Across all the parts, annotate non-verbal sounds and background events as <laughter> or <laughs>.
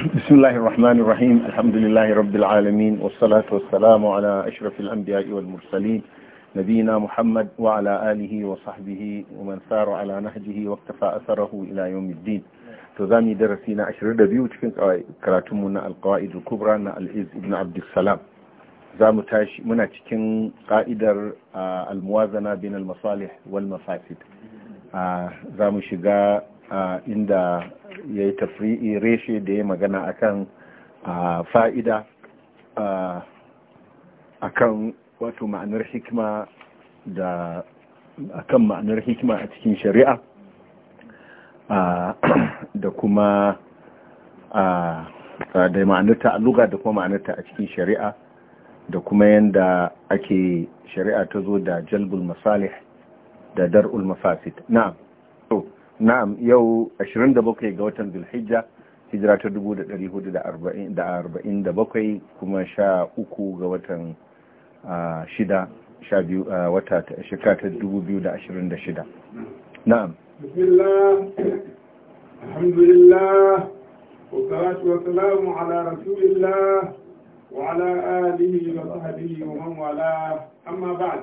بسم الله الرحمن الرحيم الحمد لله رب العالمين والصلاة والسلام على أشرف الأنبياء والمرسلين نبينا محمد وعلى آله وصحبه ومن سار على نهجه واقتفى أثره إلى يوم الدين تزامي درسينا عشر دبيو تكن كراتمنا القواعد الكبرى العز ابن عبد السلام زام تاش منا تكن قائدر الموازنة بين المصالح والمفاسد زام شقا عند ya yi tafri'i reshe da ya magana akan fa'ida akan wato ma'anar hikima da akan ma'anar hikima a cikin shari'a da kuma da ma'anar ta'aluga da kuma ma'anarta a cikin shari'a da kuma yadda ake shari'a ta zo da jalbul masalih da dar'ul mafasid na'am na'am yau 27 ga watan Zulhijja hijira ta 1447 kuma sha ga watan shida sha biyu wata shekara ta 2026 na'am bismillah alhamdulillah والصلاة والسلام على رسول الله وعلى آله وصحبه ومن والاه أما بعد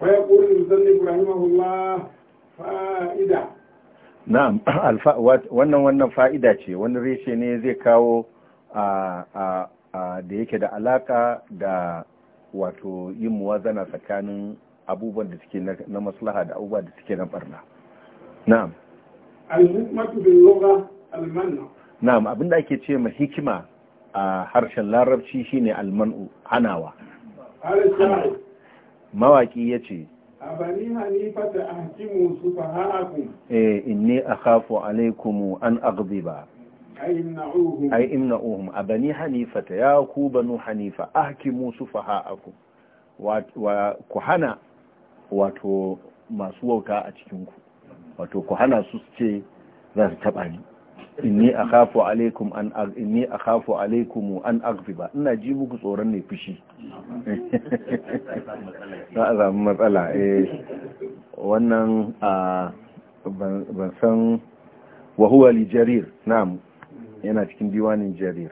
فيقول المسلم رحمه الله fa'ida. na'am <coughs> wannan wannan fa'ida ce wani reshe ne zai kawo a da yake da alaka da wato yin muwazana tsakanin abubuwan da suke na maslaha da abubuwan da suke na barna na'am na'am abinda ake ce ma hikima a harshen larabci shine alman'u hanawa mawaki ce. abani hanifa ta ahkimu su faha'akum eh inni akhafu alaikum an aghdiba ai imna'uhum abani hanifa ta ya ku banu hanifa ahkimu su faha'akum wa ku hana wato masu wauta a cikinku wato ku hana su su ce za su taɓa ni inni kafu alaikum an inni kafu alaikumu an ba ina ji muku tsoron ne fushi za a samu matsala eh wannan ban san wa li jarir na'am yana cikin diwanin jarir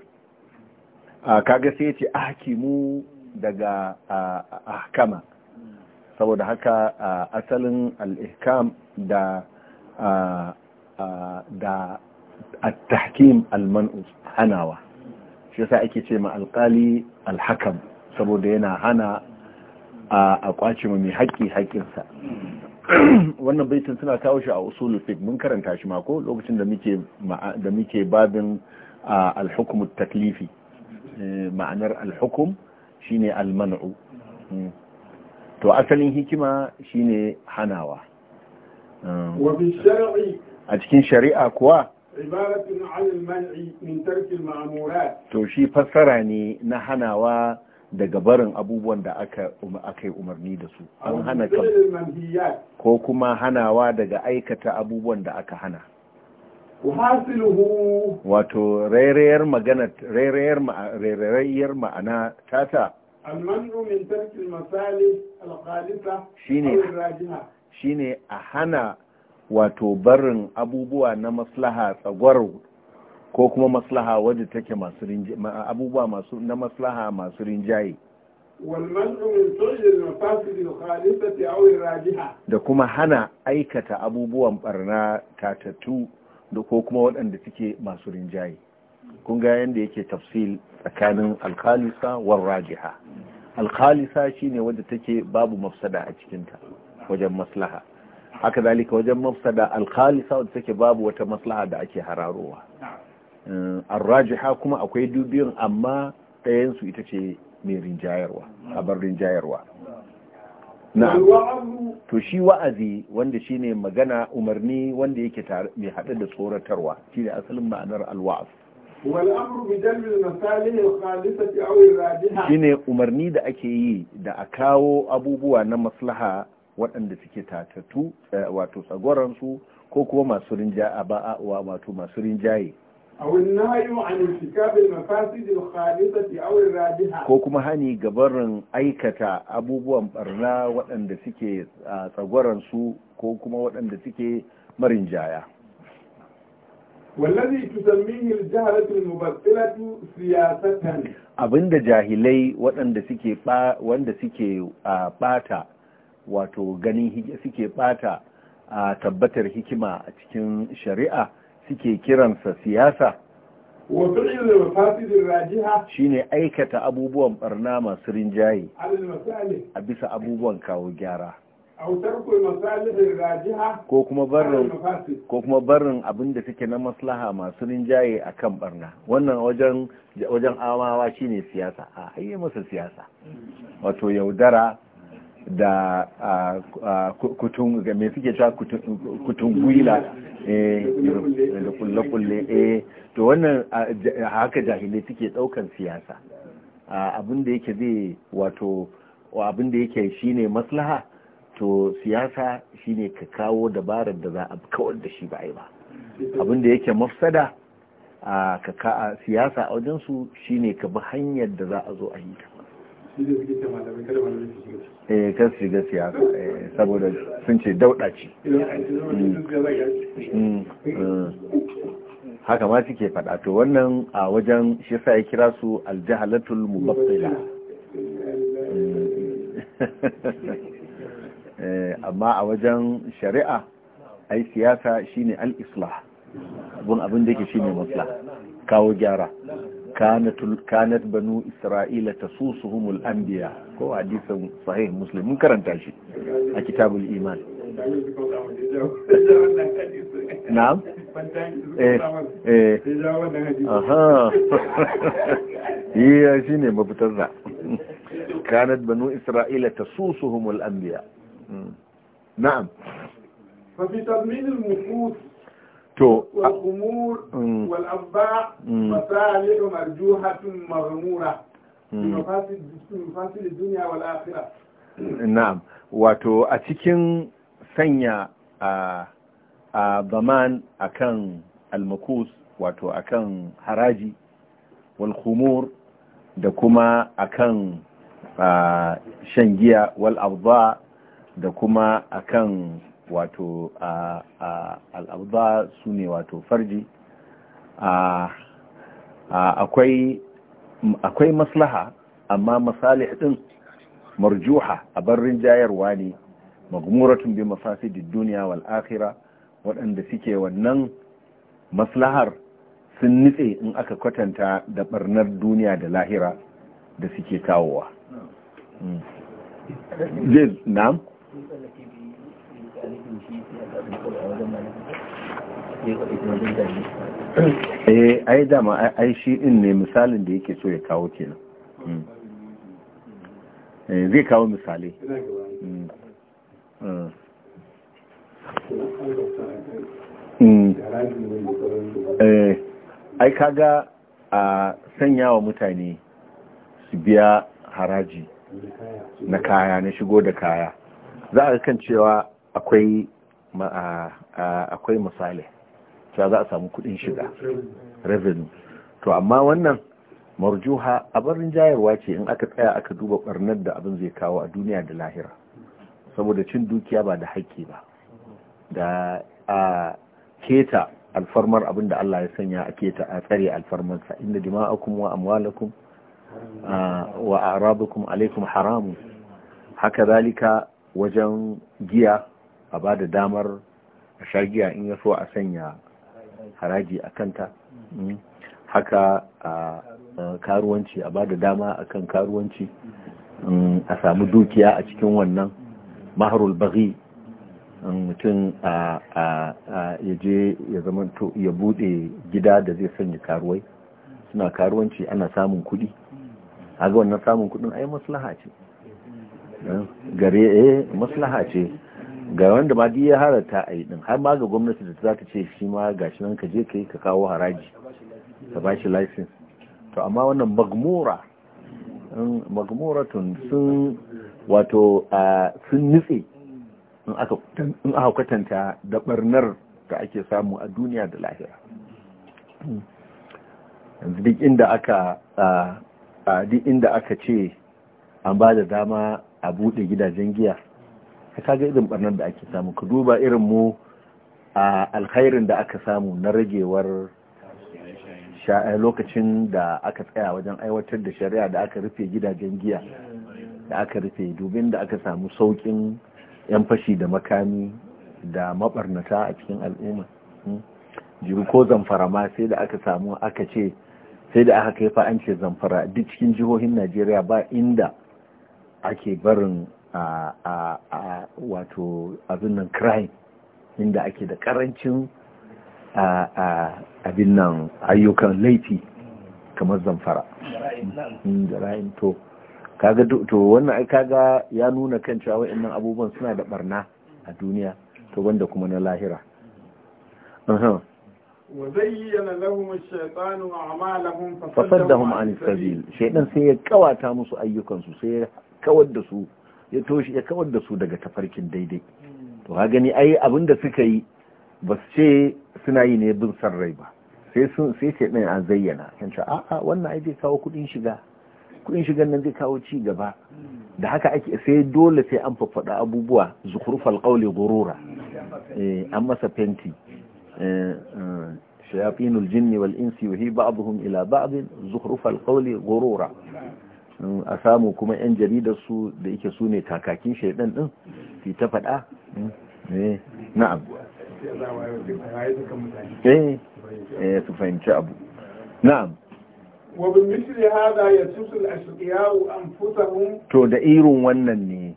kaga sai a ahkimu daga ahkama saboda haka asalin al-ihkam da Atahkim tahkim al hanawa shi ake ce ma alkali alhakam. saboda yana hana a kwace mai haƙƙi haƙƙinsa wannan baitin suna kawo shi a usulul fiqh mun karanta shi ma ko lokacin da muke da muke babin al-hukm ma'anar al shine al to asalin hikima shine hanawa a cikin shari'a kuwa ibaratun alil man'i min tarkil ma'murat to shi fassara ne na hanawa daga barin abubuwan da aka um-, aka yi umarni da su an hana ka ko kuma hanawa daga aikata abubuwan da aka hana wato rairayar magana rairayar ma'ana tata almanu min tarkil masalih alqalisa shine shine a hana wato barin abubuwa na maslaha tsagwaro ko kuma maslaha wadda take masu abubuwa masu na maslaha masu rinjaye da kuma hana aikata abubuwan barna tatattu da ko kuma waɗanda suke masu rinjaye kun ga yadda yake tafsil tsakanin alkalisa war rajiha alkalisa shine wadda take babu mafsada a cikinta wajen maslaha haka zalika wajen mafsada alkhalisa wadda take babu wata maslaha da ake hararowa eh, arrajiha kuma akwai dubiyun amma ɗayansu ita ce mai rinjayarwa abar rinjayarwa na to shi wa'azi wanda shine magana umarni wanda yake mai hada da tsoratarwa shine asalin ma'anar alwa'az shine umarni da ake yi da a kawo abubuwa na maslaha waɗanda suke tatatu eh, wato tsagoransu ko kuma masu rinja a ba'a wa wato masu rinjaye ko kuma hani gabarin aikata abubuwan barna waɗanda suke tsagoransu ko kuma waɗanda suke marin marinjaya wallazi tusammihi al-jahalatu al-mubattilatu siyasatan abinda jahilai waɗanda suke wanda suke bata wato ganin suke bata a tabbatar hikima a cikin shari'a suke kiransa siyasa shine aikata abubuwan barna masu rinjaye a bisa abubuwan kawo gyara ko kuma barin abin da suke na maslaha masu rinjaye a kan barna wannan wajen amawa shine siyasa a haye masa siyasa mm. wato yaudara da kutun mai suke cewa kutun gwila eh, da kulle-kulle eh to wannan haka jahilai suke daukan siyasa abin da yake zai wato abin da yake shine maslaha to siyasa shine ka kawo dabarar da za a kawar da shi ba ba abin da yake mafsada a siyasa a wajensu shine ka bi hanyar da za a zo a yi ta kan eh, shiga siyasa eh, saboda sun ce dauɗa mm, mm. haka ma suke faɗa to wannan a wajen shi sa ya kira su aljahalatul mubattila <laughs> eh, amma a wajen shari'a ai siyasa shine al-islah abun abin da yake shine maslaha kawo gyara kanat banu isra'ila tasusuhumul anbiya ko hadisin sahih muslim mun karanta shi a kitabul iman na'am eh eh aha iya shine mafitar da kanat banu isra'ila tasusuhumul anbiya na'am fa fi tadmin al-nufus to umur mm. wal abba mm. masalih marjuhatun maghmura mm. mafasid dunya wal akhirah na'am wato a cikin sanya a zaman akan almakus wato akan haraji wal khumur da kuma akan shan giya wal abba da kuma akan wato al'abba su ne wato farji akwai maslaha amma masali ɗin marjuha a barin jayarwa ne magmuratun bi mafasidid duniya wal ahira waɗanda suke wannan maslahar sun nitse in aka kwatanta da barnar duniya da lahira da suke kawowa hmm. zai na'am A eh, ai dama ai shi in ne misalin da yake so ya kawo kenan nan hmm. eh, zai kawo misali hmm. Hmm. Eh, ai kaga a sanya wa mutane su biya haraji na kaya na shigo da kaya za a kan cewa akwai akwai misali cewa za a samu kudin shiga revenue to amma wannan marjuha abarin jayarwa ce in aka tsaya aka duba barnar da abin zai kawo a duniya da lahira saboda cin dukiya ba da haƙƙi ba da a keta alfarmar abin da Allah ya sanya a keta a tsare alfarmarsa inda dima'akum wa amwalakum wa arabukum alaikum haramu haka zalika wajen giya a ba da damar a shagiya in ya so a sanya haraji a kanta mm. haka a karuwanci a ba da dama a kan karuwanci mm, a samu dukiya a cikin wannan maharul baghi mm, mutum ya je ya to ya bude gida da zai sanya karuwai suna karuwanci ana samun kudi a ga wannan samun kudin ai maslaha ce eh, gare eh maslaha ce ga wanda ma ya harata a yi din har ma ga gwamnati da za ta ce shi ma shi nan ka je ka yi ka kawo haraji ka ba shi license to amma wannan magmura tun sun wato sun nutse in aka kwatanta da barnar da ake samu a duniya da lahira yanzu duk inda aka duk inda aka ce an ba da dama a buɗe gidajen giya ka ga irin barnar da ake samu ka duba irin mu a alkhairin da aka samu na ragewar eh, lokacin da aka tsaya wajen aiwatar da shari'a da aka rufe gidajen giya da aka rufe dubin da aka samu saukin yan fashi da makami da mabarnata a cikin al'umma hmm? jiru ko zamfara ma sai da aka samu aka ce sai da aka kai fa zamfara duk cikin jihohin najeriya ba inda ake barin a wato abin nan crime inda ake da karancin abin nan ayyukan laifi kamar zamfara mm, jara'in to kaga to wannan kaga ya nuna kan cewa wa'annan abubuwan suna da barna a duniya to wanda kuma na lahira sabil لهم sai ya ya ƙawata ayyukan su sai ya kawar da su. ya toshi ya kawar da su daga tafarkin daidai to ha gani ai abinda da suka yi ba su ce suna yi ne bin san rai ba sai sun sai ce din an zayyana kan ce a'a wannan ai zai kawo kuɗin shiga kuɗin shigan nan zai kawo ci gaba da haka ake sai dole sai an faɗa abubuwa zukurfal qawli gurura eh an masa fenti eh, eh, shayatinul jinni wal insi yuhi ba'dhum ila ba'd zukhrufal qawli gurura a samu kuma 'yan jaridar su da yake su ne kakakin shaidan din fi ta faɗa eh, eh, na'am eh, eh su fahimci abu na'am wabin hada ya to da irin wannan ne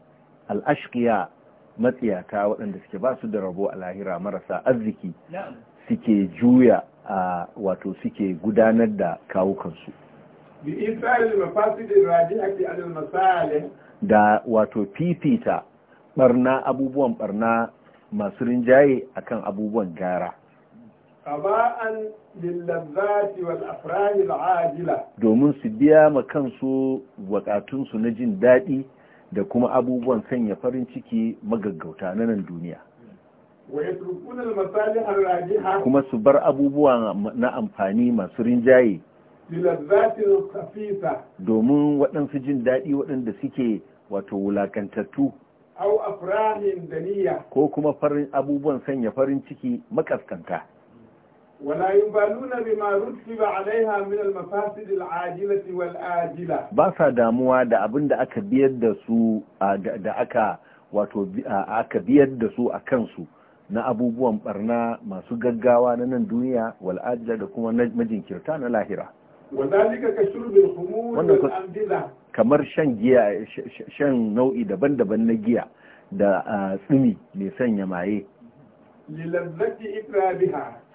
al matsiyata waɗanda suke ba su da rabo a lahira marasa arziki suke juya a wato suke gudanar da kawukansu da wato fifita barna abubuwan barna masu rinjaye akan abubuwan gyara wal afrani domin su biya ma kansu bukatun su na jin daɗi da kuma abubuwan sanya farin ciki magaggauta na nan duniya kuma su bar abubuwa na amfani masu rinjaye domin waɗansu jin daɗi waɗanda suke wato wulakantattu ko kuma farin abubuwan sanya farin ciki makaskanta wala min al siwal ajila ba sa damuwa da abin da aka biyar da su da aka wato aka biyar da su a kansu na abubuwan barna masu gaggawa na nan duniya wal da kuma majinkirta na lahira wannan kamar shan giya shan nau'i daban-daban na giya da tsumi mai sanya maye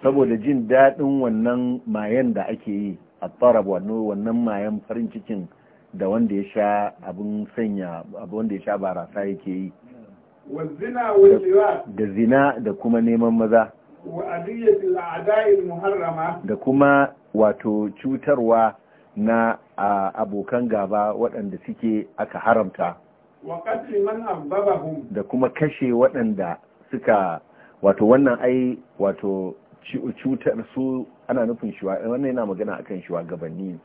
saboda jin daɗin wannan mayen da ake yi a tsarab wannan mayen farin cikin da wanda ya sha abin sanya abu wanda ya sha barasa yake yi da zina da kuma neman maza da kuma wato cutarwa na abokan gaba waɗanda suke aka haramta da kuma kashe waɗanda suka wato wannan ai wato cutar su ana nufin shiwa wannan yana magana akan shugabanni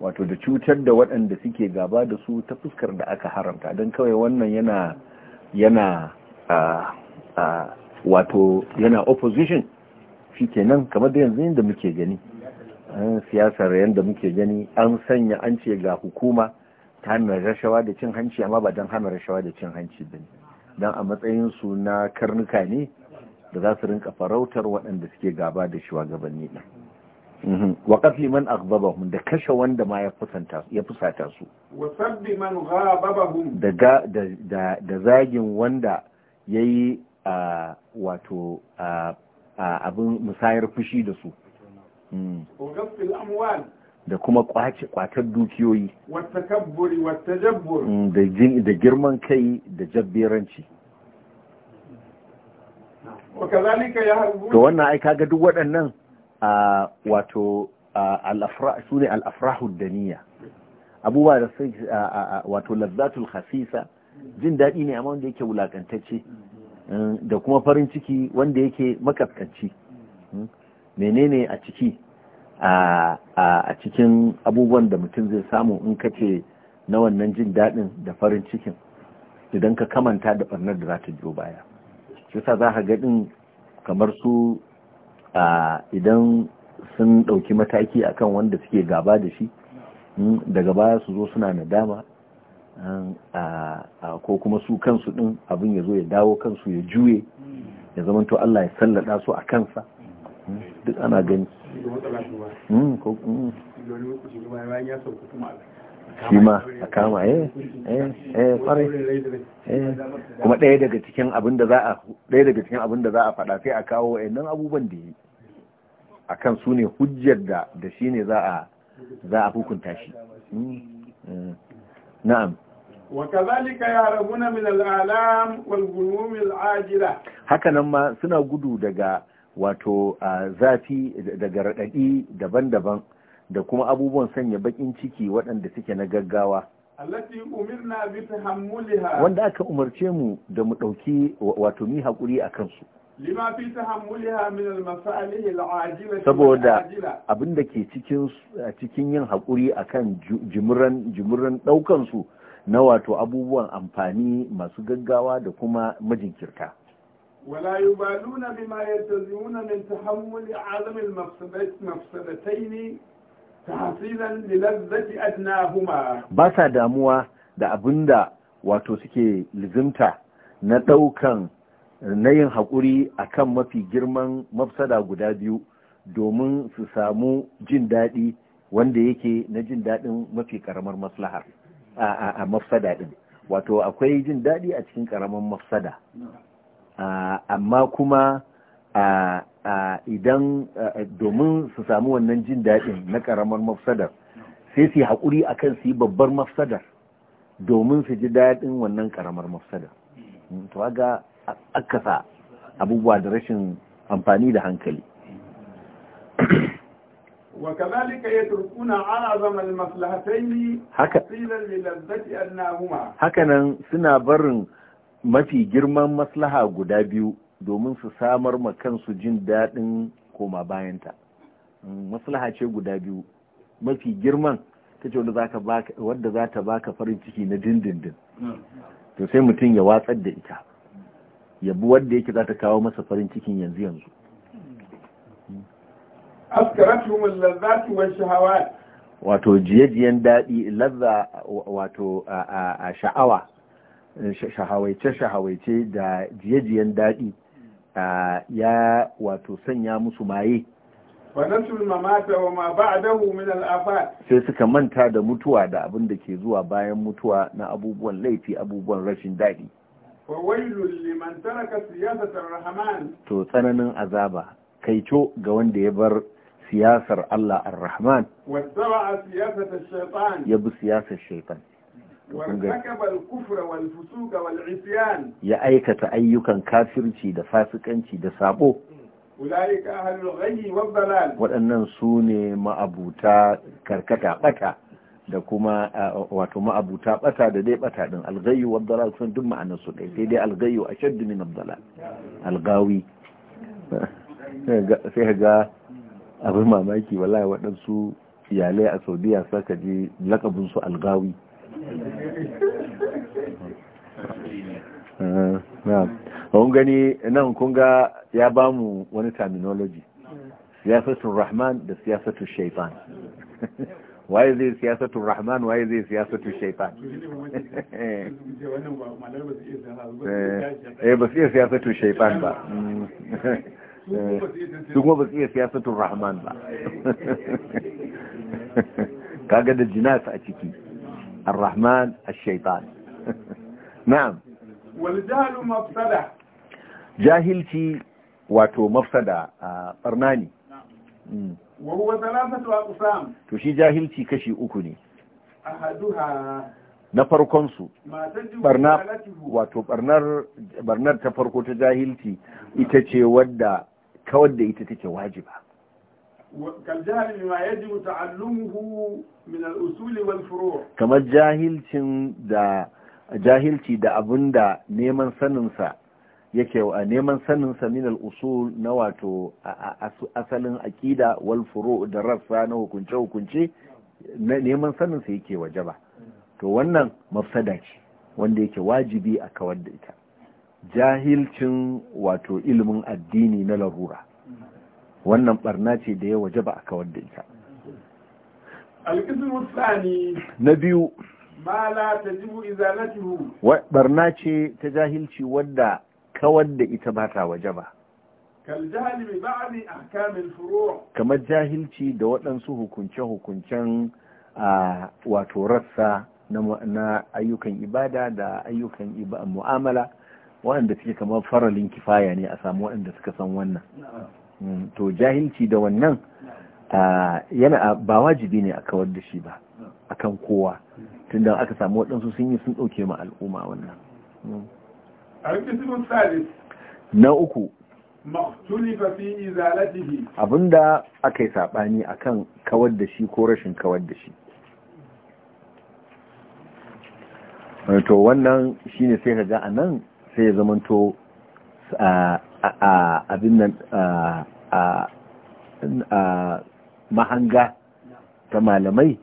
wato da cutar da waɗanda suke gaba da su ta fuskar da aka haramta don kawai wannan yana yana wato yana opposition shi kenan kamar da yanzu yadda muke gani siyasar yadda muke gani an sanya an ce ga hukuma ta hana rashawa da cin hanci amma ba don hana rashawa da cin hanci ba ne don a matsayinsu na karnuka ne da za su rinka farautar waɗanda suke gaba da shugabanni ɗin mhm. wa qatli man aghdabahum da kashe wanda ma ya fusata su da da zagin wanda yayi wato abin musayar fushi da su mm. da kuma kwatar dukiyoyi mm, da girman kai da jabberanci to wannan ai kaga duk waɗannan wato su ne al'afrahun daniya abubuwa da sai wato lazzatul khasisa jin daɗi ne amma wanda yake wulakantacce da kuma farin ciki wanda yake makaskanci hmm? menene a ciki a cikin abubuwan da mutum zai samu in ka ce na wannan jin daɗin da farin cikin idan ka kamanta da ɓarnar da za ta biyo baya shi sa za ka ga ɗin kamar su idan sun ɗauki mataki akan wanda suke gaba da shi hmm, daga baya su zo suna nadama ko kuma su kansu din abin ya zo ya dawo kansu ya juye ya zama to Allah ya sallada su a kansa hmm? duk ana gani hmm, hmm. shi ma a kama eh eh, eh, eh kuma ɗaya daga cikin abin da za a ɗaya daga cikin abin da za a faɗa sai a kawo wa'annan abubuwan da yi kan su ne hujjar da da shi ne za a za a hukunta shi eh. na'am وكذلك يهربون من الآلام والغموم العاجلة هكذا ما سنا gudu daga wato zafi daga raɗaɗi daban-daban da kuma abubuwan sanya baƙin ciki waɗanda suke na gaggawa wanda aka umarce mu da mu ɗauki wato mi hakuri akan su lima fi abinda ke cikin cikin yin hakuri akan jumuran jumuran su na wato abubuwan amfani masu gaggawa da kuma majinkirta ولا يبالون بما يلتزمون من تحمل عدم المفسدتين تحصيلا huma. Ba sa damuwa da abin da wato suke lizimta na ɗaukan na yin haƙuri a kan mafi girman mafsada guda biyu domin su samu jin daɗi wanda yake na jin daɗin mafi ƙaramar maslahar. a mafsada din wato akwai jin daɗi a cikin ƙaramin mafsada amma kuma idan domin su samu wannan jin daɗin na ƙaramar mafsadar sai su yi haƙuri a kan su yi babbar mafsadar domin su ji daɗin wannan ƙaramar mafsadar to aka akasa abubuwa da rashin amfani da hankali وكذلك يتركون عظم المصلحتين حصيلا للذة أدناهما هكذا سنا برن mafi girman maslaha guda biyu domin su samar ma kansu jin daɗin koma bayanta maslaha ce guda biyu mafi girman ta ce wadda za ta baka farin ciki na dindindin to sai mutum ya watsar da ita ya bi wadda yake za ta kawo masa farin cikin yanzu yanzu askaratuhum al-lazzat wa shahawat wato jiyajiyan dadi daɗi lazza wato a sha'awa shahawaice-shahawaice da jiyajiyan dadi daɗi ya wato sanya musu maye ma min sai suka manta da mutuwa da abin da ke zuwa bayan mutuwa na abubuwan laifi abubuwan rashin daɗi to tsananin azaba kaito ga wanda ya bar siyasar Allah ar-Rahman ya bi siyasar wal-isyan. ya aikata ayyukan kafirci da fasikanci da sabo waɗannan Wadannan sune ma'abuta karkata ɓata da kuma wato ma'abuta ɓata da dai ɓata al algayu wa dalal sun duk ma'anar su dai sai dai al a ashaddu min al gawi <laughs> sai ga abin mamaki wallahi waɗansu iyalai a saudiya saka je lakabinsu algawi eh, kun gani nan kun ga ya ba mu wani terminology siyasatun rahman da siyasatun shaifan <laughs> waye zai siyasatun rahman waye zai siyasatun shaifan <laughs> eh, eh ba su iya siyasatun shaifan ba mm. <laughs> su kuma ba su iya siyasatun rahman ba <laughs> kaga da jinas a ciki ar-rahman ash-shaytan <laughs> na'am wal jahlu mafsada jahilci wato mafsada a barna ne hmm. wa huwa thalathatu aqsam to shi jahilci kashi uku ne ahaduha na farkon su barna wato barnar barnar ta farko ta jahilci ita ce wadda kawar da ita take wajiba kamar jahilcin da jahilci da الأصول da neman saninsa yake wa neman saninsa min al'usul na wato asalin akida wal furu da rassa na hukunce-hukunce neman saninsa yake wajaba to wannan mafsada ce wanda yake wajibi a kawar da ita jahilcin wato ilimin addini na larura wannan barna ce da ya waje ba a kawar da ita na biyu barna ce ta jahilci wadda kawar da ita ba ta waje ba kamar jahilci da waɗansu hukunce-hukuncen wato rassa na ayyukan ibada da ayyukan mu'amala waɗanda suke kamar faralin kifaya ne a samu waɗanda suka san wannan mm, to jahilci da wannan yana ba wajibi ne a kawar da shi ba a kan kowa tunda aka samu waɗansu sun yi sun ɗauke ma al'umma wannan mm. na uku abinda aka yi saɓani akan kawar da shi ko rashin kawar da shi to wannan shine sai ka ga a nan sai ya zamanto abin nan a mahanga ta malamai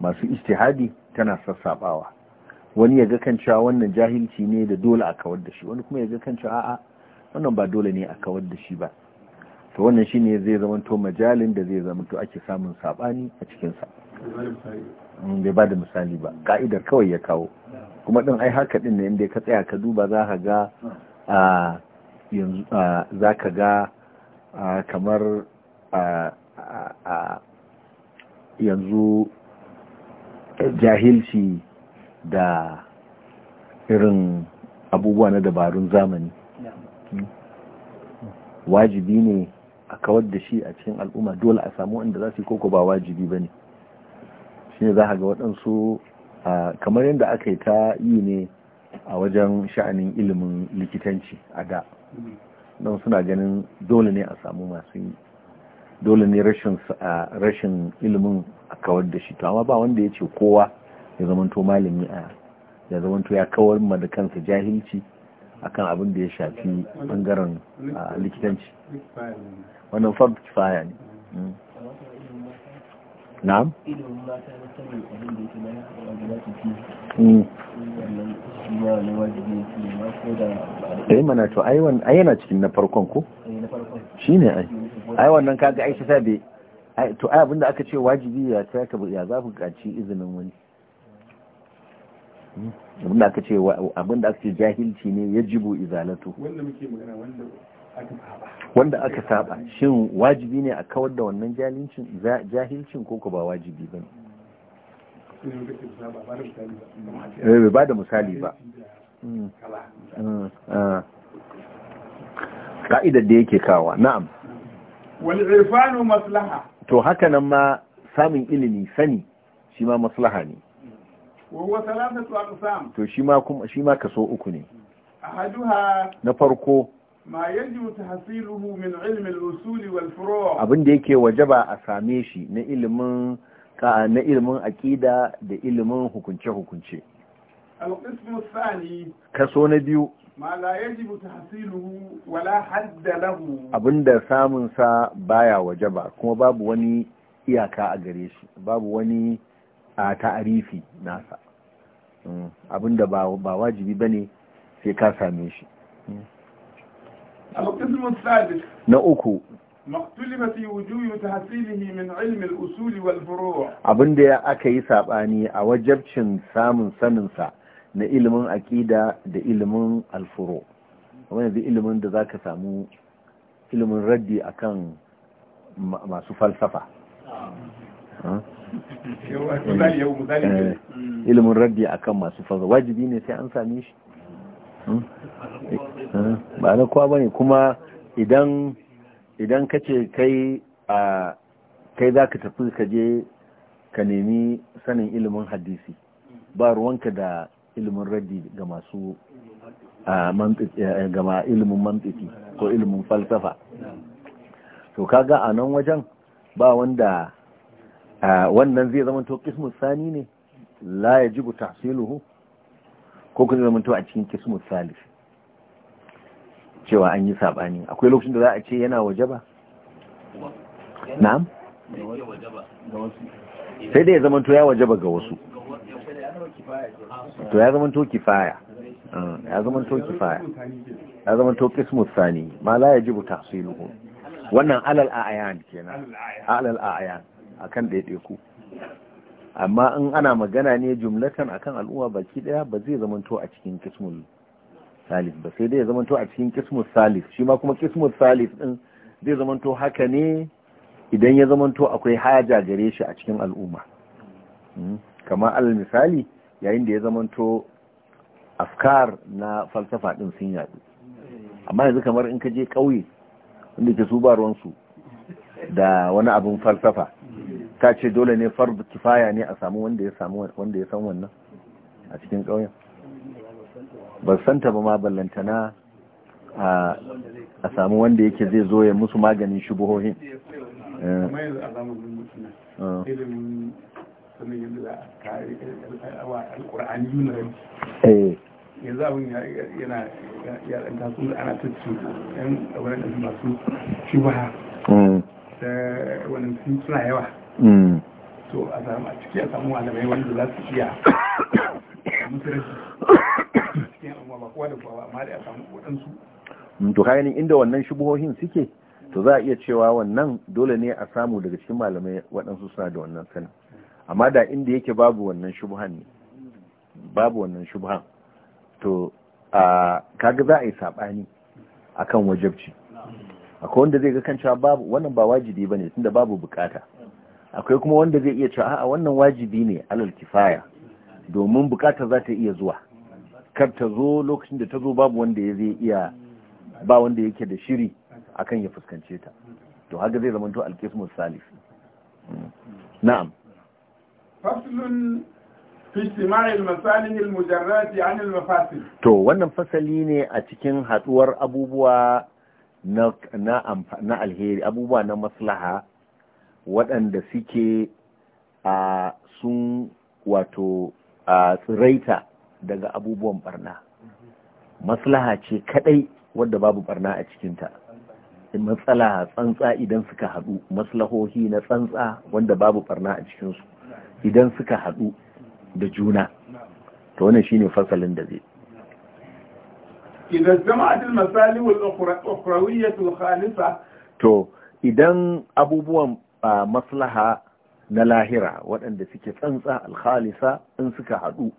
masu istihadi tana sassabawa wani ya ga kan cewa wannan jahilci ne da dole a kawar da shi wani kuma ya ga kan cewa a'a wannan ba dole ne a kawar da shi ba to wannan shine zai zamanto majalin da zai zamanto ake samun sabani a cikinsa mm, bai ba da misali ba ka'idar kawai ya kawo kuma din ai haka ɗin ne inda ka tsaya ka duba za ka ga a yanzu za ka ga kamar yanzu jahilci da irin abubuwa na dabarun zamani wajibi ne a kawar da shi a cikin al'umma dole a samu wanda za su yi koko ba wajibi ba ne shi ne za a ga waɗansu kamar yadda aka yi ta yi ne a wajen sha'anin ilimin likitanci a da don suna ganin dole ne a samu masu yi dole ne rashin ilimin a kawar da shi to amma ba wanda ya ce kowa ya zamanto malami a ya zamanto ya kawar ma da kansa jahilci akan abin da ya shafi bangaren likitanci wannan fab kifaya ne hmm. na'am da hmm. yi eh, mana to ai yana cikin na farkon ko shi ne ai ai wannan kaga ai shi sabe to ai abinda aka ce wajibi ya ta ya za ku kaci izinin wani hmm. abinda aka ce abinda aka ce jahilci ne yajibu izalatu wanda muke magana wanda wanda aka saba shin wajibi ne a kawar da wannan jahilcin ko ba wajibi ba ne eh, ba da misali ba hmm. ah, ah. ka'idar da yake kawa na'am wal'irfanu maslaha to haka nan ma samun ilimi sani shi ma maslaha ne to shi ma kaso uku ne na farko ma yajibu tahsiluhu min ilmi al wal furu' abin da yake wajaba a same shi na ilimin ka na ilimin aqida da ilimin hukunce hukunce al-qism ath kaso na biyu ma la yajibu tahsiluhu wala hadd lahu abinda samun sa baya wajaba kuma babu wani iyaka a gare shi babu wani a ta'arifi nasa mm, abinda ba wajibi bane sai ka same shi mm. na uku abinda ya aka yi saɓani a wajabcin samun saninsa na ilimin aƙida da ilimin alfuro wani da ilimin da za ka samu ilimin raddi akan masu falsafa ah. eh. mm. ilimin raddi akan masu falsafa wajibi ne sai an same shi ba na kowa bane kuma idan idan ka ce kai a kai za ka tafi ka je ka nemi sanin ilimin hadisi ba ruwanka da ilimin raddi ga masu ga ilimin mantiki ko ilimin falsafa to kaga a nan wajen ba wanda wannan zai zama to kismus sani ne la yajibu tahsiluhu ko kun zama a cikin kismu salis cewa an yi sabani akwai lokacin da za a ce yana wajaba na'am sai da ya zama to ya wajaba ga wasu to ya zama to kifaya ah, ya zama to kifaya ya zama to kismu sani ma la jibu tafsiluhu wannan alal a'yan kenan alal a'yan akan daidaiku amma in ana magana ne jumlatan akan al'umma baki daya ba zai zamanto a cikin kismul salis ba sai dai ya zamanto a cikin kismul salis shi ma kuma kismul salis din zai zamanto haka ne idan ya zamanto akwai haja gare shi a cikin al'umma hmm? kamar al misali yayin da ya zamanto afkar na falsafa din sun yadu amma yanzu kamar in ka je kauye inda ke su ruwansu da wani abin falsafa ta ce dole ne farb kifaya ne a samu wanda ya san wannan a cikin ƙauyen ba ba ma ballantana a samu wanda yake zai zo ya musu maganin shubuhohin eh. eh yanzu abin yana yaran taso ana tattu yan masu mm. suna yawa Mm. to a samu ciki a samu malamai wanda za su iya mm, to kayan inda wannan shubuhohin suke to za a iya cewa wannan dole ne a samu daga cikin malamai waɗansu suna da wannan sanin amma da inda yake babu wannan shubuhan ne babu wannan shubuhan to a kaga za a yi saɓani akan wajabci akwai wanda zai ga kan cewa babu wannan ba wajibi tun tunda babu bukata akwai kuma wanda zai iya cewa a wannan wajibi ne alal kifaya domin bukatar za ta iya zuwa kar ta zo lokacin da ta zo babu wanda ya zai iya ba wanda yake da shiri akan ya fuskance ta to haka zai zama to alkismus salif na'am faslun fi istima'il masalih al-mujarrati 'an al-mafasil to wannan fasali ne a cikin haduwar abubuwa na na alheri abubuwa na maslaha waɗanda suke a sun wato a tsiraita daga abubuwan barna maslaha ce kadai wadda babu barna a cikinta matsala tsantsa idan suka haɗu maslahohi na tsantsa wanda babu barna a cikinsu idan suka haɗu da juna to wannan shine fasalin da zai idan jama'at al-masalih wal ukhrawiyyah khalisa to idan abubuwan maslaha na lahira waɗanda suke tsantsa alkhalisa in suka haɗu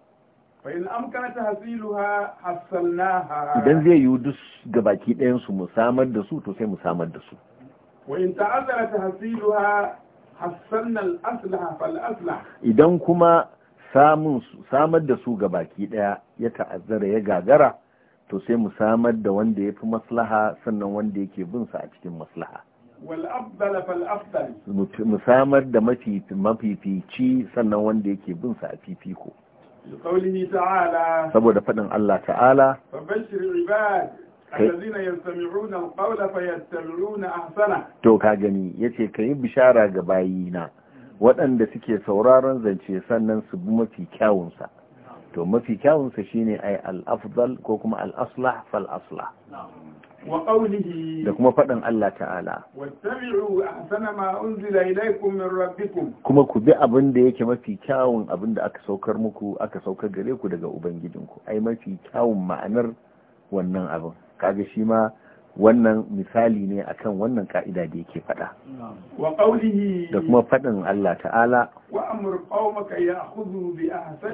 idan zai yi duk ga ɗayansu mu samar da su to sai mu samar da su idan kuma samar da su ga baki ɗaya ya ta'azzara ya gagara to sai mu samar da wanda ya fi maslaha sannan wanda yake bin sa a cikin maslaha mu samar da mafifici sannan wanda yake bin sa a fifiko saboda faɗin Allah ta'ala to ka gani yace ka yi bishara ga bayina waɗanda suke sauraron zance sannan su bi mafi kyawunsa to mafi kyawunsa shine ai al-afdal ko kuma al-aslah fal da kuma faɗin Allah ta'ala kuma ku bi abin da yake mafi kyawun abin da aka saukar muku aka saukar gare ku daga ubangijinku ai mafi kyawun ma'anar wannan abin kaga shi ma wannan misali ne akan wannan ka'ida da yake faɗa da kuma faɗin Allah ta'ala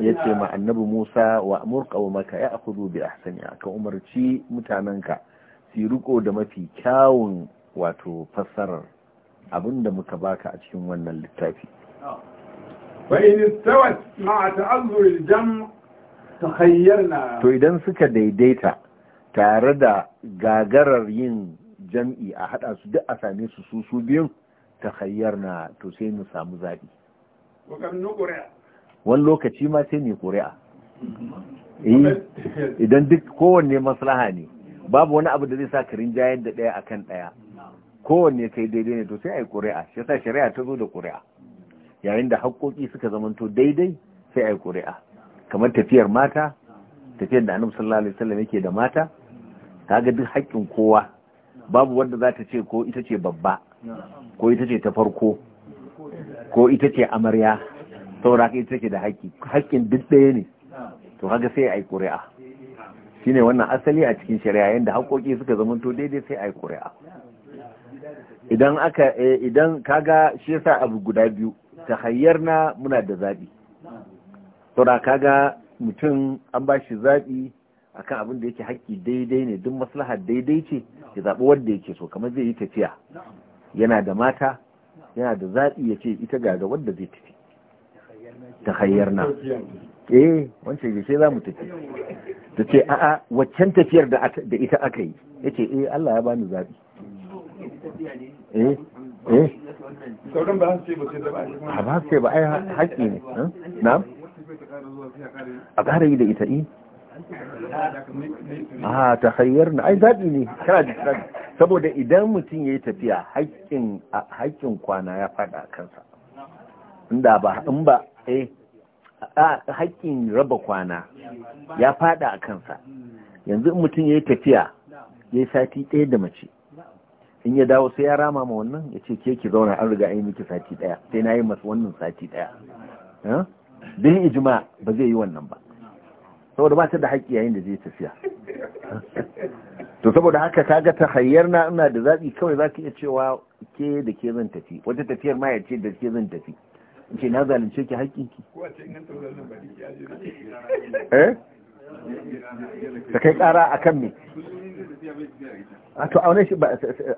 ya ce ma annabi Musa wa amur qaumaka ya bi ahsaniha ka umarci mutanenka su riko da mafi kyawun wato fassarar abinda muka baka a cikin wannan littafi to idan suka daidaita tare da gagarar yin jam'i a hada su duk a same su su su biyun ta na to sai mu samu zaɓi wani lokaci ma sai ne ƙuri'a <laughs> eh, idan duk kowanne maslaha ne babu wani abu da zai sa ka rinjayar da ɗaya akan ɗaya kowanne kai daidai ne to sai ai yi ƙuri'a shi yasa shari'a ta zo da ƙuri'a yayin da haƙoƙi suka zamanto daidai sai ai yi ƙuri'a kamar tafiyar mata tafiyar da annabi sallallahu alaihi wasallam yake da mata kaga duk haƙƙin kowa babu wanda za ta ce ko ita ce babba ko ita ce ta farko ko ita ce amarya saboda haka ita ce da haƙƙi haƙƙin duk ɗaya ne to kaga sai a yi ƙuri'a shine wannan asali a cikin shari'a yadda haƙoƙi suka zamanto daidai sai a yi ƙuri'a idan aka eh, idan kaga shi yasa abu guda biyu ta na muna da zaɓi saura kaga mutum an ba shi zaɓi akan abin da yake haƙƙi daidai ne duk maslaha daidai ce ya zaɓi wanda yake so kamar zai yi tafiya yana da mata yana da zaɓi ya ce ita ga wanda zai tafi ta na. eh wancan sai za mu tafi ta ce a'a waccan tafiyar da ita aka yi ya ce eh Allah ya bani zaɓi eh eh sauran ba su ce ba ba su ba ai haƙƙi ne eh, na a ƙara yi da ita yi eh. a ta hanyar na ai zaɓi ne kana da saboda idan mutum ya yi tafiya haƙƙin kwana ya faɗa kansa inda ba in ba eh haƙƙin raba kwana ya fada a kansa yanzu in mutum ya yi tafiya ya yi sati ɗaya da mace in ya dawo sai ya rama ma wannan ya ce ke ki zauna an riga yi miki sati ɗaya sai na yi masu wannan sati ɗaya bin ijima ba zai yi wannan ba saboda ba ta da haƙƙi yayin da zai tafiya to saboda haka ta ga ta hayyar na ina da zaɓi kawai za ka iya cewa ke da ke zan tafi wata tafiyar ma ya ce da ke zan tafi ke na zalunce ki haƙƙinki eh ta kai ƙara a kan me a to aune shi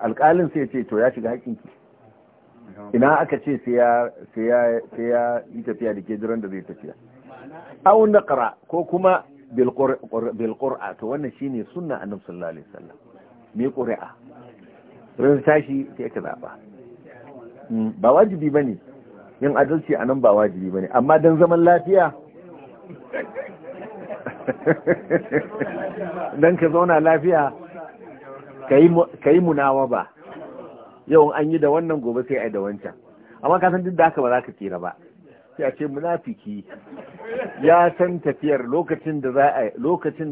alƙalin sai ce to ya shiga ki ina aka ce sai ya yi tafiya da ke jiran da zai tafiya au ƙara ko kuma Bilkura, to wannan shi ne suna a sallallahu alaihi Sallam. me ƙuri'a. ran tashi sai ka zaɓa. Hmm, ba wajibi ba ne. yin adalci a nan ba wajibi ba ne amma don zaman lafiya don ka zauna lafiya ka yi munawa ba yau an yi da wannan gobe sai a yi da wancan amma ka duk da haka ba za ka tsira ba sai a ce munafiki ya san tafiyar lokacin da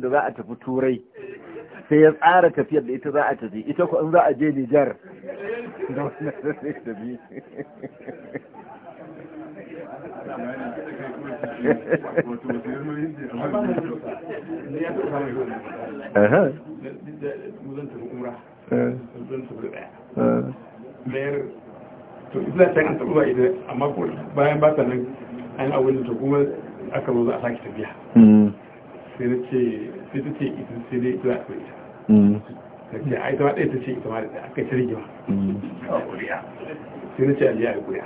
za a tafi turai sai ya tsara tafiyar da ita za a tafi ita ko in za a je Nijar <laughs> da wannan tafi to ta bayan ba ta nan an abin da kuma aka zo za a sake tafiya sai na ce sai ta ce ita sai dai ita za a ita ta ce a ita ma ɗaya ta ce ita ma da aka shirgi ma sai na ce a a kuriya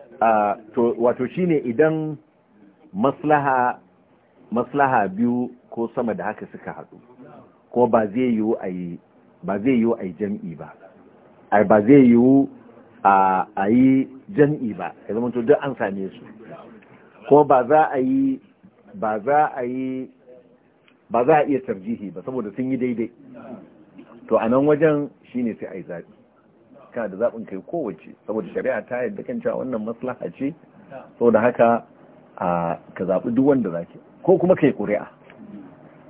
wato shine idan maslaha maslaha biyu ko sama da haka suka haɗu kuma ba zai a yi ba zai yi a jam'i ba ai ba zai yi a yi jam'i ba ya zama duk an same su kuma ba za a yi ba za a yi ba za a iya tarjihi ba saboda sun yi daidai to a nan wajen shine sai a yi zaɓi kana da zaɓin kai kowace saboda shari'a ta yadda kan cewa wannan maslaha ce saboda haka ka zaɓi duk wanda ke ko kuma kai ƙuri'a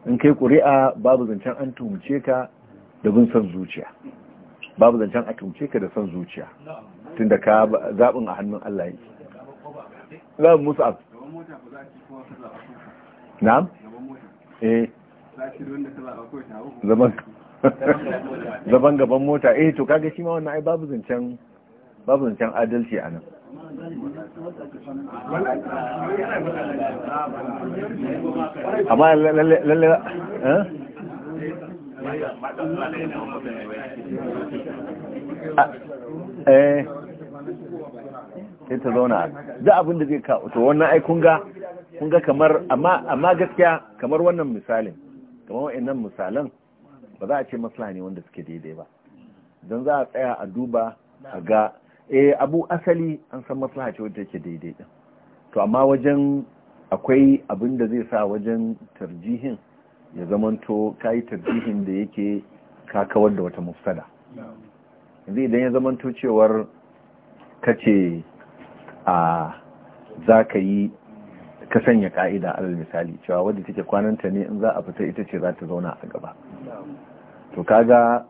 in kai ƙuri'a babu zancen an tumce ka da bin son zuciya babu zancen a tumce ka da son zuciya tunda ka zaɓin a hannun Allah yake za mu musu eh zaman gaban <laughs> gaban mota eh to kaga shi ma wannan ai babu zancen babu zancen adalci a nan amma lalle eh ah, eh sai ta zauna da abin da zai ka to wannan ai kun ga kun ga kamar amma amma gaskiya kamar wannan misalin kamar wa'annan misalan ba za a ce maslaha ne wanda suke daidai ba don za a tsaya a duba a ga eh abu asali an san maslaha ce wanda yake daidai din to amma wajen akwai abin da zai sa wajen tarjihin ya zamanto kayi tarjihin da yake kakawar da wata mufsada yanzu idan ya zamanto cewar kace a za ka yi ka sanya ka'ida alal misali cewa wadda take kwananta ne in za a fita ita ce za ta zauna a gaba to kaga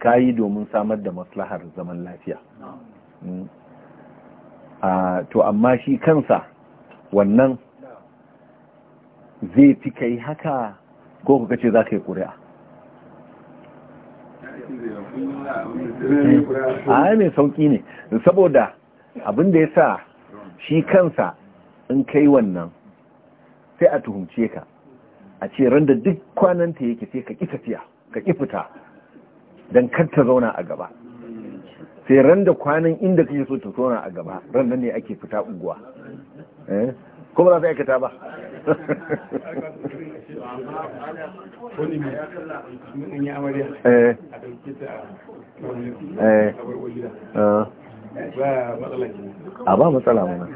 kayi domin samar da maslahar zaman lafiya mm. to amma shi kansa wannan zai fi ka yi haka ko kuka ce za ka yi ƙuri'a a mai sauƙi ne saboda abin da ya sa shi kansa in kai wannan sai a tuhumce ka a ce randa duk kwananta yake sai ka ƙi tafiya ka ƙi fita don kar ta zauna a gaba sai ran da kwanan inda kake so ta zauna a gaba ran nan ne ake fita unguwa eh? kuma za ta aikata ba eh. Eh. Ah. a ba matsala mana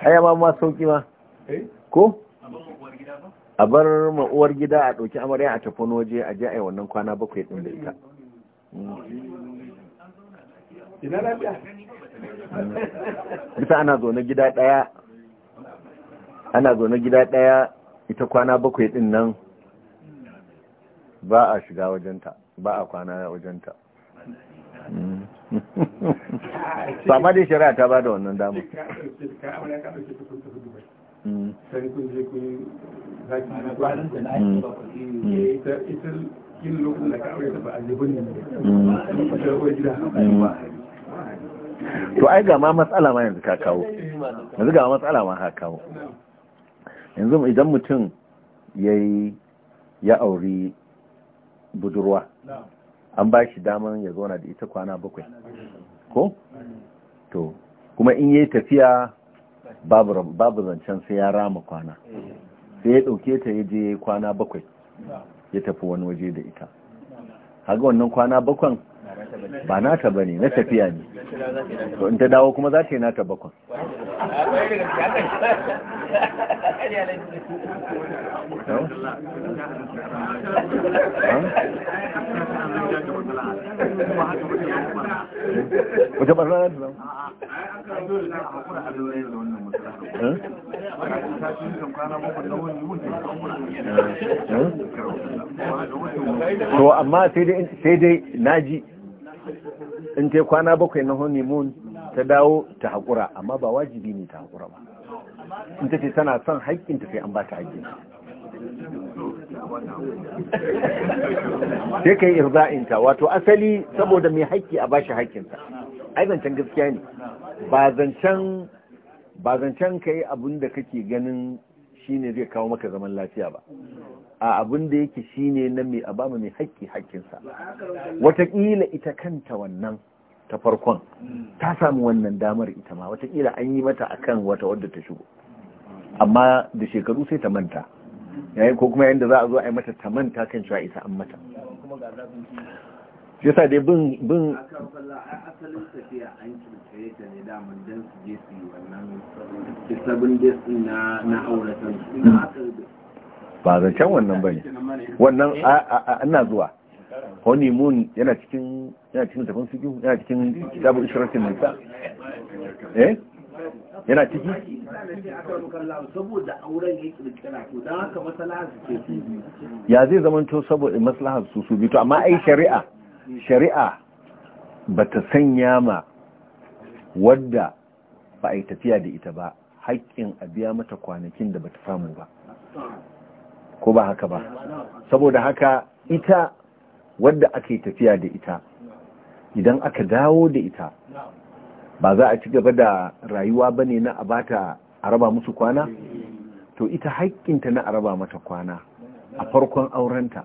ai ma ma sauki ma ko a bar ma'uwar gida a ɗauki amarya a tafi waje a ji a yi wannan kwana bakwai ɗin da ita bisa ana zaune gida ɗaya ana zaune gida ɗaya ita kwana bakwai ɗin nan ba a shiga wajenta ba a kwana wajenta sama dai shari'a ta ba da wannan damu to ai ga ma matsala ma yanzu ka kawo yanzu ga matsala ma ka kawo yanzu idan mutum ya ya auri budurwa an ba shi daman ya zauna da ita kwana bakwai ko? to kuma in yi tafiya babu zancen sai ya rama kwana sai ya ɗauke ta ya je kwana bakwai ya tafi wani waje da ita haga wannan kwana bakwan ba nata bane na tafiya ne to in ta dawo kuma za ta yi nata bakwan wata barna da to amma sai dai naji in ta kwana bakwai na honeymoon ta dawo ta haƙura amma ba wajibi ne ta haƙura ba in ta ce tana son haƙƙinta sai an ba ta haƙƙinta sai ka yi irza'inta wato asali saboda mai haƙƙi a bashi haƙƙinsa ai zancen gaskiya ne ba zancen ka yi abin da kake ganin shine zai kawo maka zaman lafiya ba a abin da yake shine na mai abama mai haƙƙi haƙƙinsa wataƙila ita kanta wannan ta farkon ta samu wannan damar ita ma wataƙila an yi mata akan wata wadda ta shigo amma da shekaru sai ta manta yayin ko kuma yadda za a zo a yi mata ta manta kan cewa isa an mata shi yasa dai bin bin asalin tafiya an kirkire ta ne su je su yi wannan sabon desi na auratan su ba wannan bane wannan ana zuwa honeymoon yana cikin yana cikin tafin suju yana cikin kitabun ishratin nisa eh yana ciki ya zai zamanto saboda maslahar su su to amma ai shari'a shari'a bata sanya ma wadda ba a yi tafiya da ita ba haƙƙin a biya mata kwanakin da bata samu ba ko ba haka ba saboda haka ita wadda aka yi tafiya da ita idan aka dawo da ita ba za a ci gaba da rayuwa ba ne na a ta a raba musu kwana to ita haƙƙinta na a raba mata kwana a farkon aurenta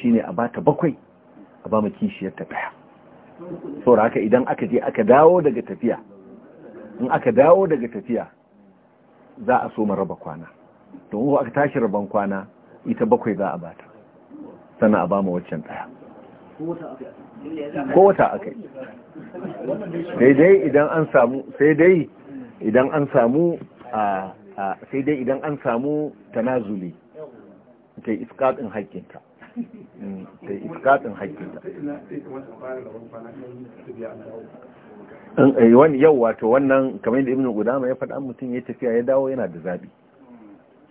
shi ne a bata bakwai a ba kishiyarta ɗaya da haka idan aka je aka dawo daga tafiya in aka dawo daga tafiya za a so raba kwana don aka tashi raban kwana ita bakwai za a bata sannan a ba ma waccan ɗaya ko wata aka yi sai dai idan an samu sai dai idan an samu a sai dai idan an samu tanazuli ta iskatsin haƙƙinta mm, ta iskatin haƙƙinta eh, wani yau wato wannan kamar yadda ibn gudama ya faɗa mutum ya tafiya ya dawo yana da zabi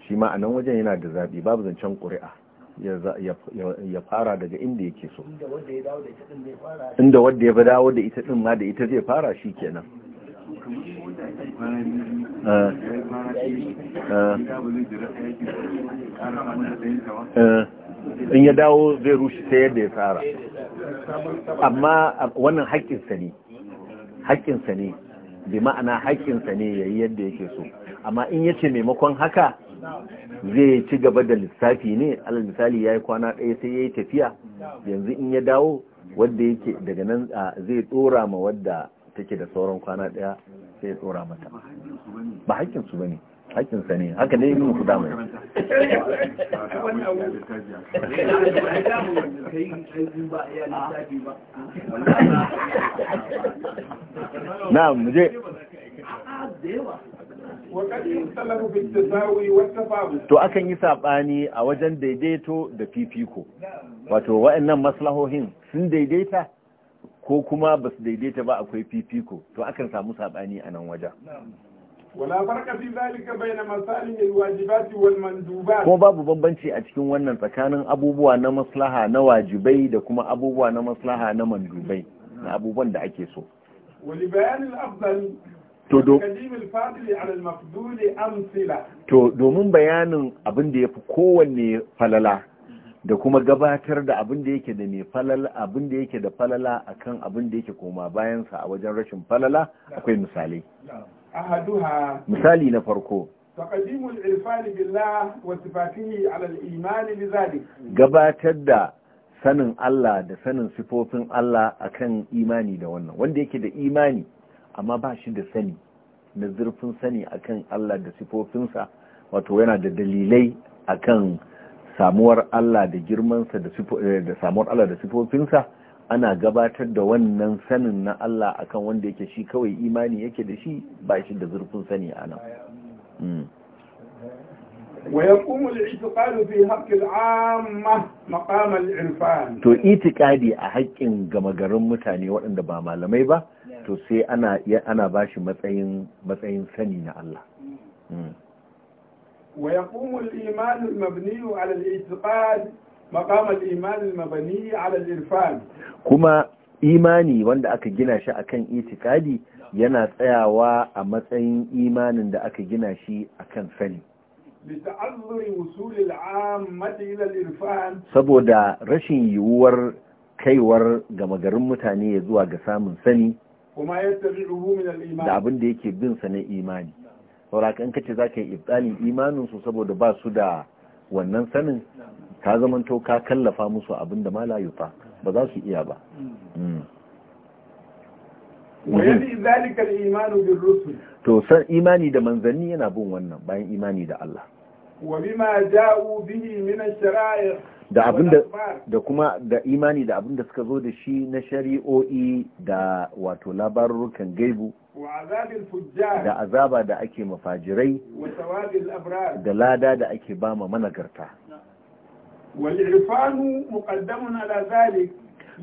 shi ma a nan wajen yana da zabi babu zancen ƙuri'a ya fara daga inda yake so inda wadda ya dawo da ita din ma da ita zai fara shi kenan eh, eh, in ya dawo zai rushe sai yadda ya fara amma wannan haƙƙinsa ne haƙƙinsa ne bi ma'ana haƙƙinsa ne ya yi yadda yake so amma in yace maimakon haka zai ci gaba da lissafi ne alal misali ya yi kwana ɗaya sai ya yi tafiya yanzu in ya dawo wadda yake daga nan zai tsora ma wadda take da sauran kwana ɗaya sai ya tsora mata ba hakkin su bane hakkin sa ne haka ne yin kuda mai na muje to akan yi saɓani a wajen daidaito da fifiko wato wa'annan maslahohin sun daidaita ko kuma ba su daidaita ba akwai fifiko to akan samu saɓani a nan wajen wala farka fi zalika bayna masalih alwajibat wal mandubat ko babu bambanci a cikin wannan tsakanin abubuwa na maslaha na wajibai da kuma abubuwa na maslaha na mandubai na abubuwan da ake so wali bayan al-afdal to to domin bayanin abin da ya fi kowanne falala da kuma gabatar da abin da yake da mai falala abin da yake da falala akan abin da yake koma bayansa a wajen rashin falala akwai misalai misali na farko تقديم العرفان بالله وصفاته على الإيمان بذلك gabatar da sanin Allah da sanin sifofin Allah akan imani da wannan wanda yake da imani amma ba shi da sani na zurfin sani akan Allah da sifofinsa wato yana da dalilai akan samuwar Allah da girmansa eh, da samuwar Allah da sifofinsa ana gabatar da wannan sanin na Allah akan wanda yake shi kawai imani yake da shi ba shi da zurfin sani a nan. Hmm. to itikadi a haƙƙin gama garin mutane waɗanda ba malamai ba to sai ana ana bashi matsayin matsayin sani na Allah hmm. al-i'tiqad maqam al-iman al-mabni 'ala al-irfan kuma imani wanda aka gina shi akan itikadi yana tsayawa a matsayin imanin da aka gina shi akan sani saboda rashin yiwuwar kaiwar gama garin mutane ya zuwa ga samun sani da abin da yake bin sa na imani sauraka in kace zaka yi ibtalin imanin su saboda ba su da wannan sanin ka to ka kallafa musu abin da ma yufa ba za su iya ba mm. to san imani da manzanni yana bin wannan bayan imani da Allah wa bima ja'u bihi min ash-shara'i' da abinda da kuma da imani da abinda suka zo da shi na shari'o'i da wato labarurukan gaibu da azaba da ake mafajirai da lada da ake ba ma managarta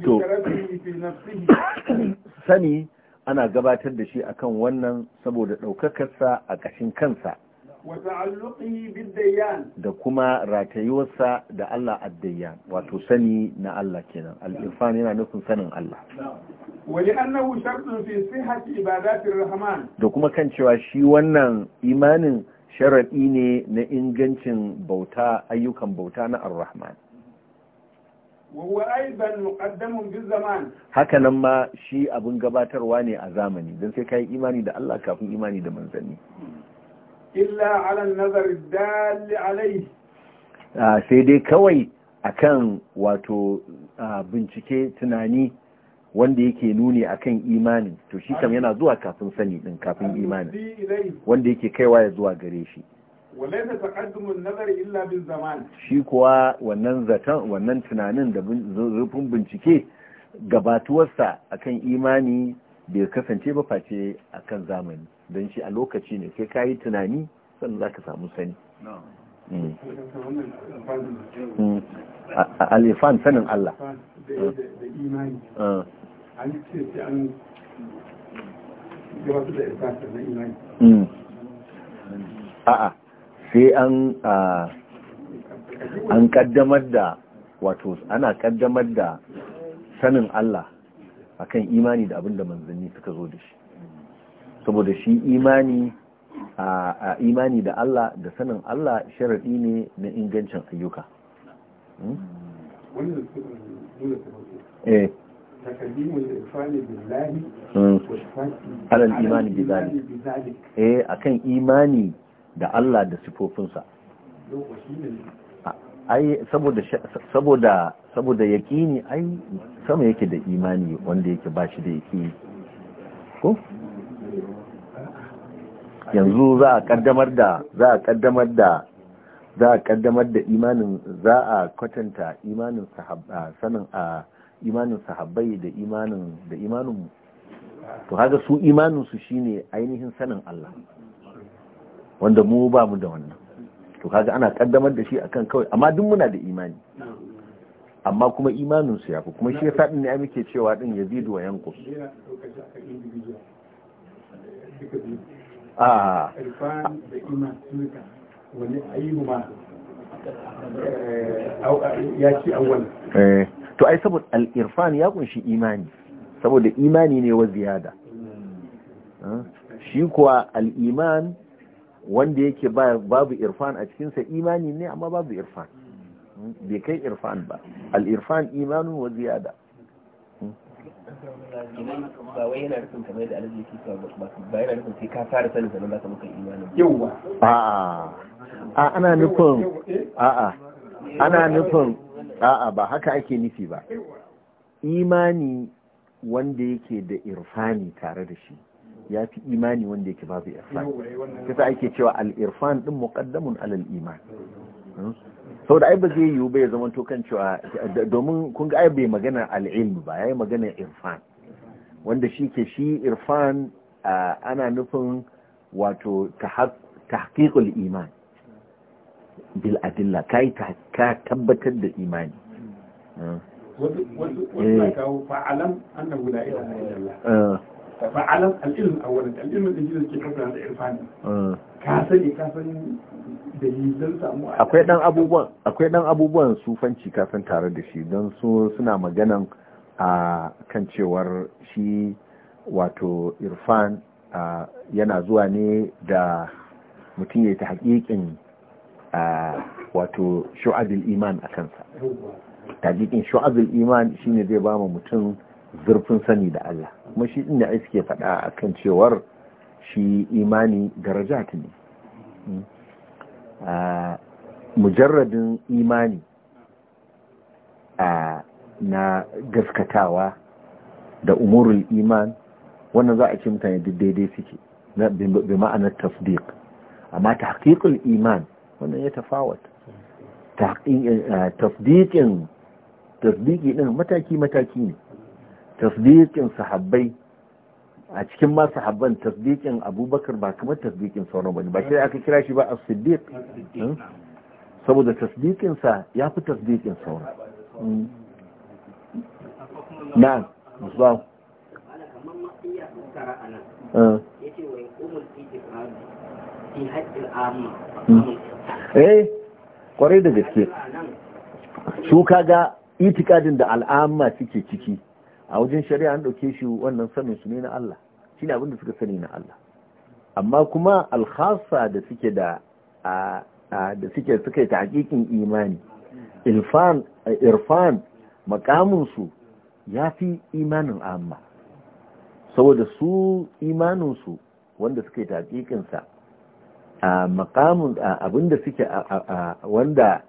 to sani ana gabatar da shi akan wannan saboda ɗaukakarsa a ƙashin kansa da kuma ratayuwarsa da Allah addayyan wato sani na Allah kenan al-irfan yana nufin sanin Allah wani annahu shartun fi sihhati ibadatir rahman da kuma kan cewa shi wannan imanin sharadi ne na ingancin bauta ayyukan bauta na ar-rahman وهو ايضا مقدم بالزمان hakanan ma shi abin gabatarwa ne a zamani don sai kai imani da Allah kafin imani da manzanni illa ala nazar dal alai ah, sai dai kawai akan wato ah, bincike tunani wanda yake nuni akan imani to shi kam yana zuwa kafin sani din kafin imani wanda yake kaiwa ya zuwa gare shi walaisa taqaddumun nazar illa bil zaman shi kuwa wannan zaton wannan tunanin da zurfin bincike gabatuwarsa akan imani bai kasance ba face akan zamani don shi a lokaci ne sai ka yi tunani sannan za ka samu sani alifan sanin Allah hmm. a'a sai an an kaddamar da wato ana kaddamar da sanin Allah akan imani da abin da manzanni suka zo da shi saboda shi imani a imani da Allah da sanin Allah sharaɗi ne na ingancin ayyuka hmm? eh. Akan hmm. imani suka eh akan imani da Allah da sifofinsa ai saboda saboda saboda ai sama yake da imani wanda yake bashi da yakini ko yanzu za a kaddamar da za a kaddamar da za a kaddamar da imanin za a kwatanta imanin sahabba sanin a imanin sahabbai da imanin da imanin to haka su imanin su shine ainihin sanin Allah wanda mu ba mu da wannan to kaga ana kaddamar da shi akan kawai amma duk muna da imani amma kuma imanin su yafi kuma shi yasa din ne muke cewa din yazidu wa yanqus Eh, eh, to ai saboda al-irfan ya kunshi imani saboda imani ne wa ziyada hmm. ah, shi kuwa al-iman wanda yake babu irfan a cikinsa imani ne amma babu irfan hmm. Hmm, bai kai irfan ba al-irfan imanin wa ziyada idan ba wai yana nufin kamar yadda alaji yake cewa ba yana nufin sai ka fara sanin sanin zaka maka imanin yawa a'a a ana nufin a'a ana nufin a'a ba haka ake nufi ba imani wanda yake da irfani tare da shi ya fi imani wanda yake babu irfani kasa ake cewa al-irfan din muqaddamun alal iman hmm? da ai ba zai yiwu ba ya zama to kan cewa domin kun ga ai bai magana al'ilm ba yayi magana irfan wanda shi ke shi irfan ana nufin wato tahqiqul iman bil adilla kai ka tabbatar da imani wanda wasu kawo fa'alam annahu la ilaha illallah fa'alam al-ilm awwalan al-ilm da ke kafin da irfani ka sani ka sani akwai ɗan abubuwan akwai dan abubuwan sufanci kafin tare da shi don su suna maganan a kan cewar shi wato irfan yana zuwa ne da mutum ya ta hakikin wato shu'abul iman a kansa tajikin shu'abul iman shine zai ba mutum zurfin sani da Allah kuma shi inda ai suke faɗa akan cewar shi imani daraja ne hmm. mujarradin imani na gaskatawa da umurul iman wannan za a ce mutane duk daidai suke bi ma'anar tafdiq amma tahqiqul iman wannan ya tafawat eh, tasdiqin din mataki mataki ne tasdiqin sahabbai a cikin masu habban tasdikin abubakar ba kamar tasdikin sauran bane ba shi aka kira shi ba a siddiq hmm? saboda sa ya fi tasdikin sauran hmm? na'am zuwa hmm. eh kwarai da gaske su kaga itikadin da al'amma suke ciki a wajen shari'a an ɗauke shi wannan sanin su ne na Allah shi ne abinda suka sani na Allah amma kuma alkhasa da suke da a da suke suka yi ta hakikin imani irfan makaminsu ya fi imanin amma saboda su imaninsu wanda suka yi ta hakikinsa a makamun abinda suke wanda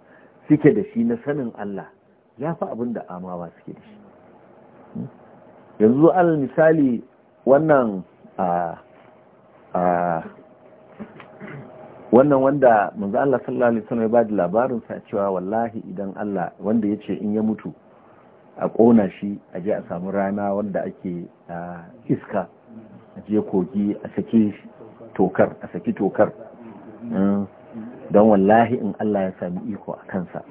suke da shi na sanin Allah ya fi abinda amawa suke da shi yanzu al misali wannan a a wannan wanda manzo Allah sallallahu alaihi wasallam ya bada labarin sa cewa wallahi idan Allah wanda yace in ya mutu a kona shi a je a samu rana wanda ake iska a je kogi a saki tokar a saki tokar hmm. don wallahi in Allah ya sami iko a kansa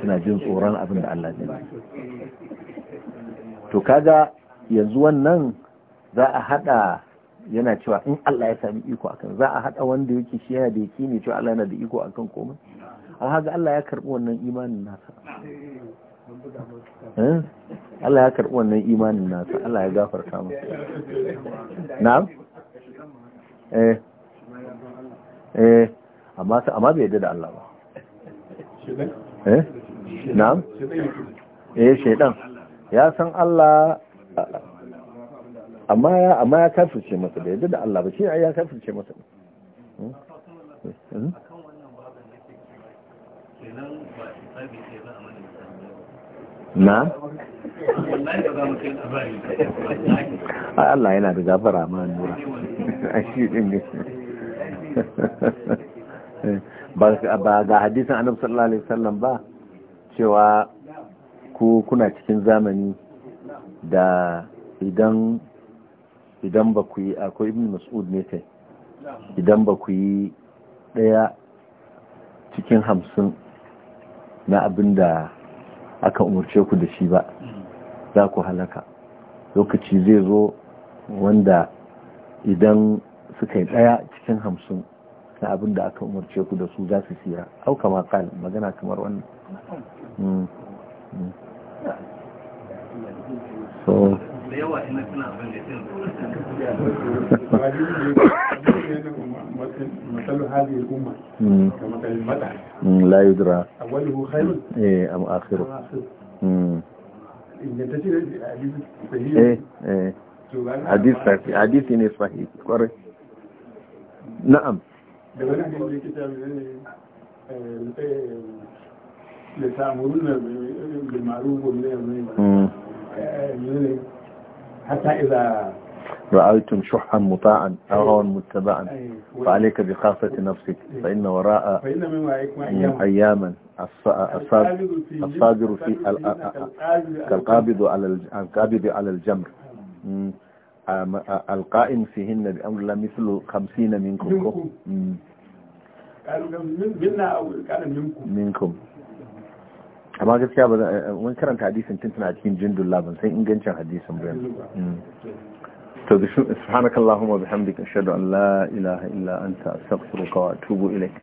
suna jin tsoron abin da Allah zai to kaga yanzu wannan za a hada yana cewa in Allah ya sami iko akan za a hada wanda yake shi yana da yake ne cewa Allah yana da iko akan komai A haka Allah ya karbi wannan imanin nasa eh? Allah ya karbi wannan imanin nasa Allah ya gafarta masa na'am eh eh amma amma bai yadda da Allah ba eh na'am eh shedan ya san Allah amma ya amma ya kafirce masa da yadda da Allah ba shi ya kafirce masa hmm? na a Allah yana da gafara ma nura a <laughs> shi din ne <laughs> ba ga hadisin annabi sallallahu alaihi wasallam ba cewa ku kuna cikin zamani da idan idan ba ku yi akwai ibn mas'ud ne kai idan ba ku yi ɗaya cikin hamsin na abin da aka umarce ku da shi ba za ku halaka lokaci zai zo wanda idan suka yi ɗaya cikin hamsin na abin da aka umarce ku da su za su siya auka kan magana kamar wannan hmm. Hmm. so لا يدرى أوله خير إيه أم آخره إيه إيه حديث صحيح حديث إني صحيح قرر نعم لتأمرون بالمعروف يعني حتى إذا رأيتم شحا مطاعا أو أيوه. متبعا أيوه. فعليك بخافة نفسك أيوه. فإن وراء أياما الصابر في القابض على القابض على الجمر القائم فيهن بأمر الله مثل خمسين منكم منكم منكم amma gaskiya ba mun karanta hadisin tun tana cikin jindul laban sai ingancin hadisin bayan mm. to subhanakallahumma bihamdika ashhadu an la ilaha illa anta astaghfiruka wa atubu ilayk